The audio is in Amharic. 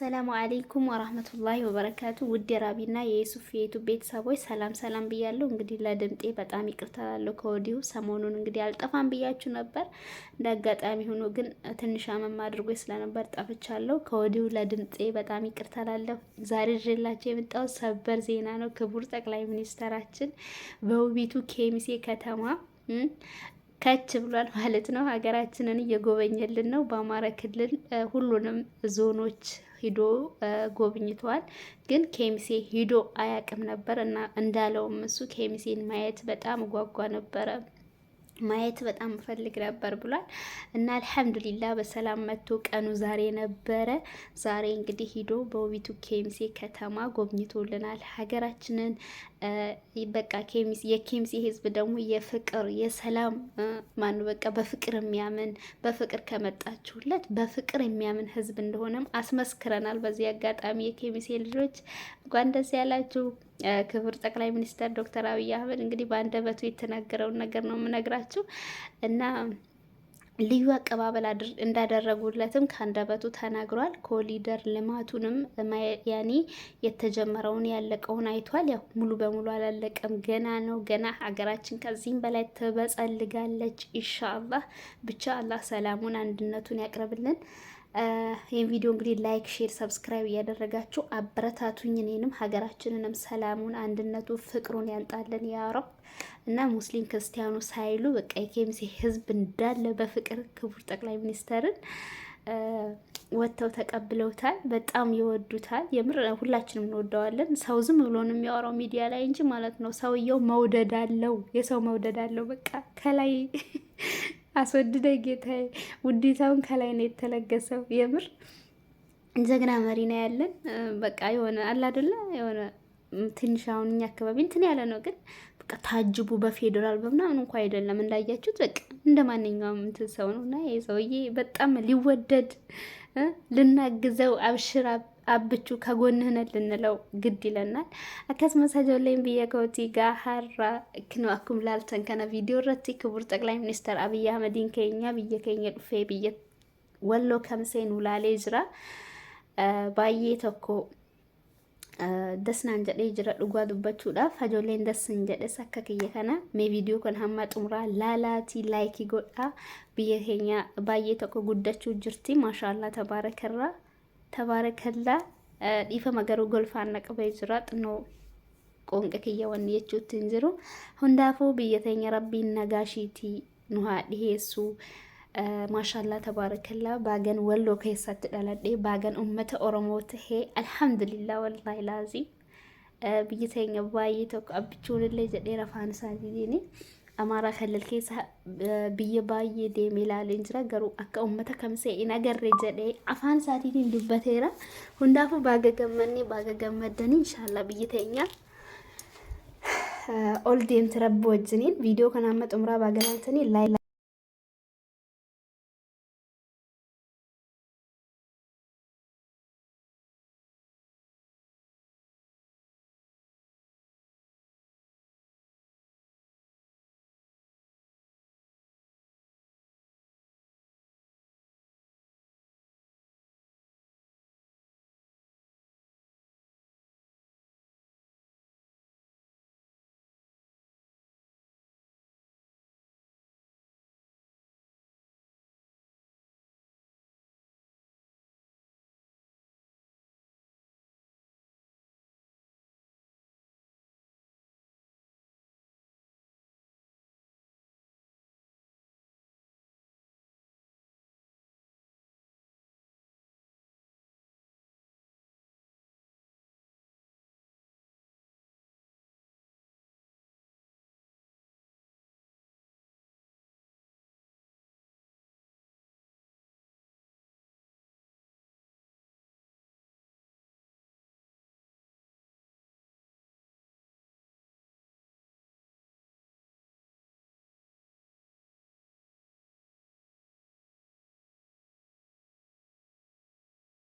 አሰላሙ አሌይኩም ወራህመቱላሂ ወበረካቱ ውድ የራቢና የዩሱፍ የዩቱብ ቤተሰቦች ሰላም ሰላም ብያለሁ። እንግዲህ ለድምጤ በጣም ይቅርታ ላለሁ ከወዲሁ። ሰሞኑን እንግዲህ አልጠፋም ብያችሁ ነበር። እንደ አጋጣሚ ሆኖ ግን ትንሽ አመም አድርጎ ስለነበር ጠፍቻለሁ። ከወዲሁ ለድምጤ በጣም ይቅርታ ላለሁ። ዛሬ ድሬላቸው የመጣሁት ሰበር ዜና ነው። ክቡር ጠቅላይ ሚኒስተራችን በውቢቱ ኬሚሴ ከተማ ከች ብሏል ማለት ነው። ሀገራችንን እየጎበኘልን ነው። በአማራ ክልል ሁሉንም ዞኖች ሂዶ ጎብኝተዋል። ግን ኬሚሴ ሂዶ አያውቅም ነበር እና እንዳለውም እሱ ኬሚሴን ማየት በጣም ጓጓ ነበረ። ማየት በጣም ፈልግ ነበር ብሏል እና አልሐምዱሊላ በሰላም መጥቶ ቀኑ ዛሬ ነበረ። ዛሬ እንግዲህ ሂዶ በውቢቱ ኬሚሴ ከተማ ጎብኝቶልናል። ሀገራችንን በቃ የኬሚሴ ህዝብ ደግሞ የፍቅር የሰላም ማኑ በቃ በፍቅር የሚያምን በፍቅር ከመጣችሁለት በፍቅር የሚያምን ህዝብ እንደሆነም አስመስክረናል። በዚህ አጋጣሚ የኬሚሴ ልጆች እንኳን ደስ ያላችሁ። ክብር ጠቅላይ ሚኒስተር ዶክተር አብይ አህመድ እንግዲህ በአንደበቱ የተናገረውን ነገር ነው የምነግራችሁ ታውቃላችሁ እና ልዩ አቀባበል እንዳደረጉለትም ከአንደበቱ ተናግሯል። ኮሊደር ልማቱንም ያኔ የተጀመረውን ያለቀውን አይቷል። ያው ሙሉ በሙሉ አላለቀም፣ ገና ነው። ገና ሀገራችን ከዚህም በላይ ትበጸልጋለች። ኢንሻአላህ ብቻ አላህ ሰላሙን አንድነቱን ያቅርብልን። ይህን ቪዲዮ እንግዲህ ላይክ፣ ሼር፣ ሰብስክራይብ እያደረጋችሁ አበረታቱኝ። እኔንም ሀገራችንንም ሰላሙን፣ አንድነቱ ፍቅሩን ያንጣልን ያ ረብ እና ሙስሊም ክርስቲያኑ ሳይሉ በቃ የኬሚሴ ህዝብ እንዳለ በፍቅር ክቡር ጠቅላይ ሚኒስተርን ወጥተው ተቀብለውታል። በጣም ይወዱታል። የምር ሁላችንም እንወደዋለን። ሰው ዝም ብሎ ነው የሚያወራው ሚዲያ ላይ እንጂ ማለት ነው። ሰውየው መውደድ አለው፣ የሰው መውደድ አለው። በቃ ከላይ አስወድደ ጌታዬ፣ ውዴታውን ከላይ ነው የተለገሰው። የምር ጀግና መሪ ነው ያለን። በቃ የሆነ አለ የሆነ ትንሽ አሁን እኛ አካባቢ እንትን ያለ ነው፣ ግን በቃ ታጅቡ በፌዴራል በምናምን እንኳ አይደለም እንዳያችሁት፣ በቃ እንደ ማንኛውም እንትን ሰው ነው እና ይህ ሰውዬ በጣም ሊወደድ ልናግዘው አብሽር አብቹ ከጎንህነ ልንለው ግድ ይለናል። አካስ መሳጃው ላይም ብያ ጋ ሀራ ክኖ አኩም ላልተን ከነ ቪዲዮ ረቲ ክቡር ጠቅላይ ሚኒስተር አብይ አህመድን ከኛ ብየ ከኛ ዱፌ ብየ ወሎ ከምሴን ውላሌ ጅራ ባዬ ተኮ dasnaan jedhee jira dhugaa dubbachuudhaaf hajoolleen dasin jedhes akka kiyya kana mee viidiyoo kan hamma xumuraa laalaatii laayikii godhaa biyya keenya baay'ee tokko guddachuu jirti maashaallah tabaarakarraa tabaarakallaa dhiifama garuu golfaan naqabee jira xinnoo qoonqa kiyya wanni jechuutti hin jiru hundaafuu biyya teenya rabbiin nagaashiitii nu haa dhiheessuu ማሻላ ተባረከላ ባገን ወሎ ከይሳት ዳላዴ ባገን ኡመተ ኦሮሞት ሄ አልሐምዱሊላ ወላሂ ላዚ ብይተኛ ባይ ተኩ አብቹን ለይ ዘዴ ረፋን ሳዲኒ አማራ ከለል ከይሳ ብየ ባይ ደሚላ ለንጅራ ገሩ አከ ኡመተ ከምሴ ኢናገር ዘዴ አፋን ሳዲኒ ዱበቴራ ሁንዳፉ ባገ ገመኒ ባገ ገመደኒ ኢንሻአላ ብይተኛ ኦልዴም ትረቦጅኒን ቪዲዮ ከናመጡምራ ባገናንተኒ ላይ